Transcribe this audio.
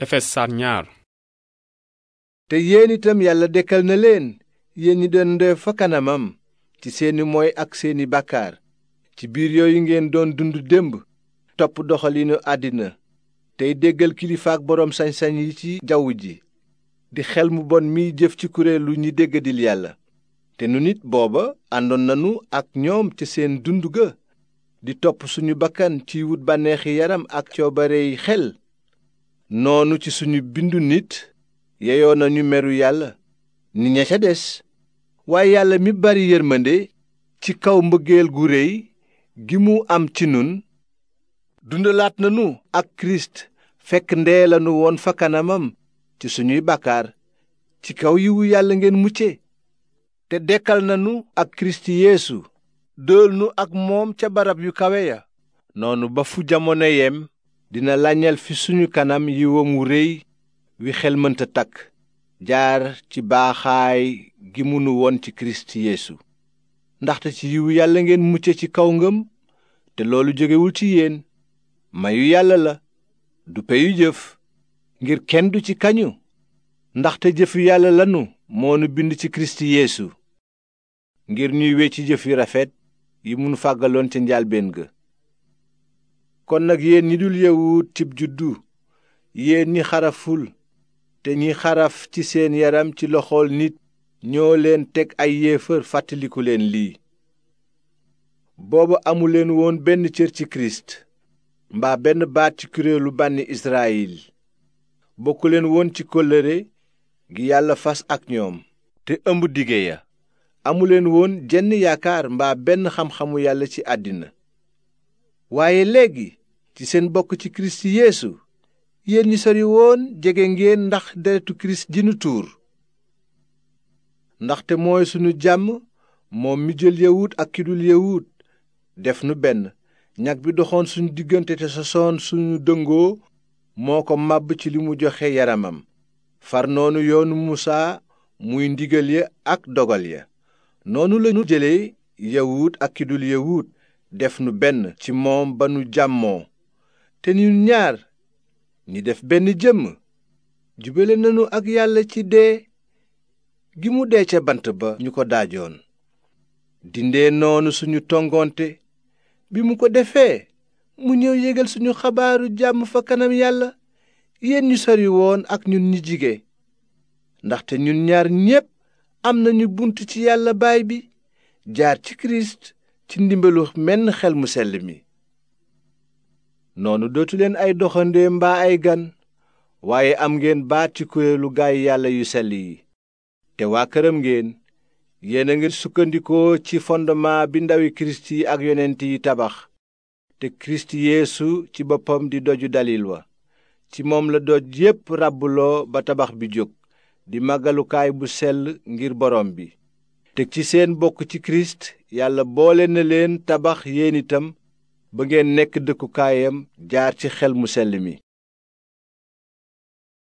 Efes ñaar te yéen itam yàlla dekkal na leen yéen ñi doon dee fa kanamam ci seeni mooy ak seeni bàkkaar ci biir yooyu ngeen doon dund démb topp doxalinu àddina tey déggal kilifaak boroom sañ-sañ yi ci jaww ji di xel mu bon miy jëf ci kuréelu ñi déggadil yàlla te nu nit booba àndoon nanu ak ñoom ca seen dund ga di topp suñu bakkan ci wut bànneexi yaram ak coobarey xel noonu ci suñu bindu nit yeyoo nañu meru yàlla ni ña ca des waaye yàlla mi bari yërmande ci kaw mbëggeel gu réy gi mu am ci nun dundalaat nanu ak kirist fekk ndee lanu woon fa kanamam ci suñuy bàkkaar ci kaw yiwu yàlla ngeen mucce te dekkal nanu ak kirist yéesu dóol nu ak moom ca barab yu kawe ya noonu ba fu jamono yem dina laññal fi suñu kanam yiwam wu réy wi xel mënta takk jaar ci baaxaay gi mënu won ci kirist yéesu ndaxte ci yiwu yàlla ngeen mucce ci kaw ngëm te loolu jógewul ci yéen mayu yàlla la du peyu jëf ngir kenn du ci kañu ndaxte jëfi yàlla lanu moonu bind ci kirist yeesu ngir ñuy wecci jëf yu rafet yi mënu fàggaloon ca njaalbeen ga kon nag yéen ñi dul yawut cib juddu yéen ñi xaraful te ñi xaraf ci seen yaram ci loxool nit ñoo leen teg ay yéefar fàttaliku leen lii booba amuleen woon benn cër ci kirist mbaa benn baat ci kuréelu bànni israyil bokkuleen woon ci kóllëre gi yàlla fas ak ñoom te ëmb dige ya amuleen woon jenn yaakaar mbaa benn xam-xamu yàlla ci àddina waaye léegi ci seen bokk ci kirist yéesu yéen ñi sori woon jege ngeen ndax deretu kirist ji nu tuur ndaxte mooy sunu jàmm moom mi jël yawut ak ki dul def nu benn ñag bi doxoon suñu diggante te sosoon suñu dëngoo moo ko màbb ci li mu joxe yaramam far noonu yoonu musaa muy ndigal ya ak dogal ya noonu lañu jële yawut ak ki dul def nu benn ci moom ba nu jàmmoo te ñun ñaar ñi def benn jëmm jubale nanu ak yàlla ci dee gi mu dee ca bant ba ñu ko daajoon dinde noonu suñu tongoonte bi mu ko defee mu ñëw yégal suñu xabaaru jàmm fa kanam yàlla yéen ñu sori woon ak ñun ñi jige ndaxte ñun ñaar ñépp am nañu bunt ci yàlla baay bi jaar ci kirist ci ndimbalu menn xel mu sell mi noonu dootu leen ay doxandee mbaa ay gan waaye am ngeen baat ci gaay yàlla yu sell yi te waa këram ngeen yéen a ngir sukkandikoo ci fondement bi ndawi kirist yi ak yonent yi tabax te kirist yeesu ci boppam di doju dalil wa ci moom la doj yépp ràbbuloo ba tabax bi jóg di màggalukaay bu sell ngir borom bi teg ci seen bokk ci kirist yàlla boole na leen tabax yéen itam ba ngeen nekk dëkkukaayam jaar ci xel mu sell mi